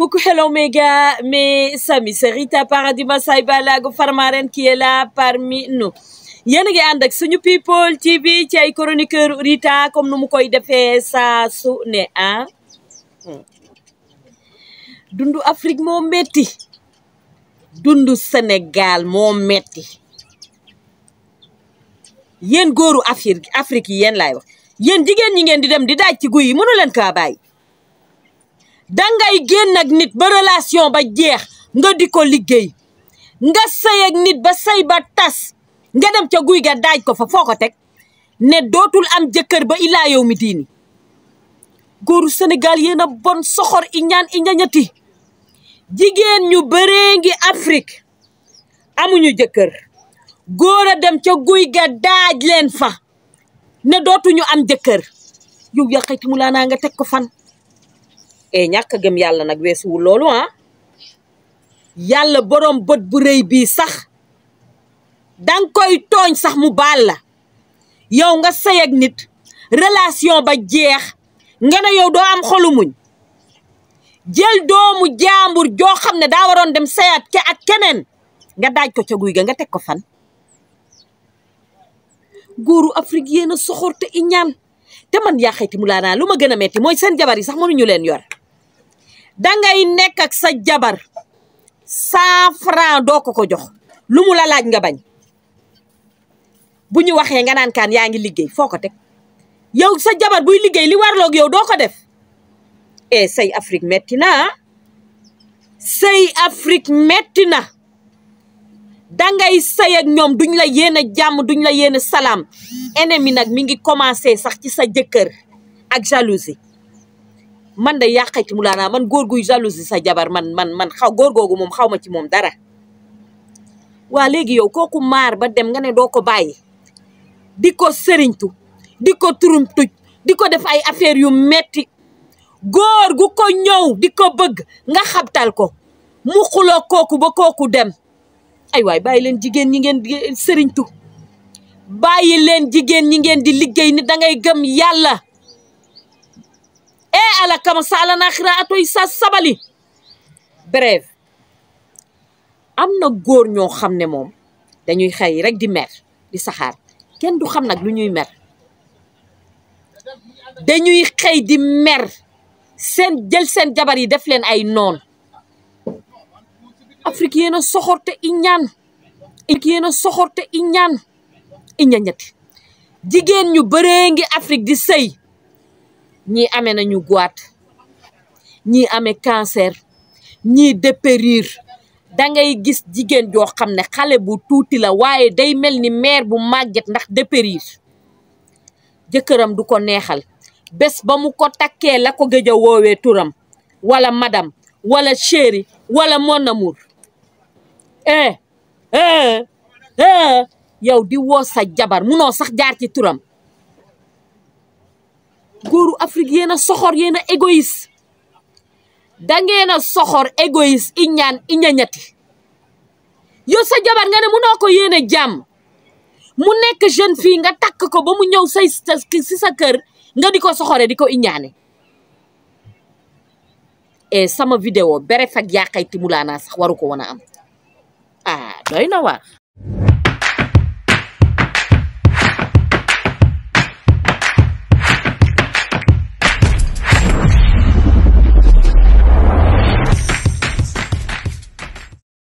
Coucou Hello Méga, mes amis, c'est Rita Paradis Massaï Balago Farmaren qui est là parmi nous. yéen a ngi ànd ak suñu people TV ci ay chroniqueur Rita comme nu mu koy defee saa su ne ah dundu Afrique moo metti dundu Sénégal moo metti yéen góoru Afrique Afrique yi yéen laay wax yéen jigéen ñi ngeen di dem di daaj ci guy yi mënu leen kaa dangay génn ak nit ba relation ba jeex nga di ko liggéey nga sëy nit ba say ba tas nga dem ca guy ga daaj ko fa foo ko teg ne dootul am jëkkër ba illaa mi diini góoru Sénégal yéen a bon soxor iñaan iñañati jigéen ñu bëree ngi Afrique amuñu jëkkër góor a dem ca guy ga daaj leen fa ne dootuñu am jëkkër yow yaa xayti naa nga teg ko fan e ñàkk gem yàlla nag weesuwul loolu ah boroom bët bu rëy bii sax danga koy tooñ sax mu baal la yow nga sëy nit relation ba jeex nga ne yow doo am xolu muñ jël doomu jaambur joo xam ne daa waroon dem sayaat ke ak keneen nga daaj ko ca guy nga teg ko fan góoru Afrique yéen a soxor te iñaan te man yaa xayti mu laa naa lu ma gën a metti mooy seen jabar yi sax mënuñu leen yor dangay nekk ak sa jabar cent franc doo ko jox lu mu la laaj nga bañ bu ñu waxee nga naan kaan yaa ngi liggéey foo ko teg yow sa jabar buy liggéey li warloog yow doo ko def e sëy Afrique metti na sëy Afrique metti na dangay sëy ak ñoom duñ la yéen a jàmm duñ la yéen a salaam ennemi nag mi ngi commencé sax ci sa jëkkër ak jalousie man de yàqati mu laanaa man góor guy jalousie sa jabar man man man xaw góor googu moom xaw ma ci moom dara waa léegi yow kooku maar ba dem nga ne doo ko bàyyi di ko sëriñtu di ko turum di ko def ay affaire yum metti góor gu ko ñëw di ko bëgg nga xabtal ko mu xuloo kooku ba kooku dem ay waay bàyyi leen jigéen ñi ngeen di sëriñtu bàyyi leen jigéen ñi ngeen di liggéey ni dangay ngay gëm yàlla ala kama sala naxira atoy sa sabali bref am na góor ñoo xam ne moom dañuy xëy rekk di mer di saxaar kenn du xam nag lu ñuy mer dañuy xëy di mer seen jël seen jabar yi def leen ay noon Afrique yéen a soxor te iñaan Afrique yéen a soxor jigéen ñu bëree ngi Afrique di sëy ñii amee nañu goitre ñii amee cancer ñii dépérir dangay gis jigéen joo xam ne xale bu tuuti la waaye day mel ni mère bu màgget ndax dépérir jëkkëram du ko neexal bés ba mu ko takkee la ko gëj a woowee turam walla madame walla chérie walla mon amour eh, eh, eh yow di woo sa jabar munoo sax jaar ci turam góoru Afrique yéen soxor yéen a égoïste dangeen a soxor égoïste iñaan iñañati yow sa jabar nga ne munoo ko yéene jàmm mu nekk jeune fii nga takk ko ba mu ñëw say si sa kër nga di ko soxore di ko iñaane eh, sama vidéo bere fag yaakayti mulaanaa sax waru ko woon a am ah doy na waar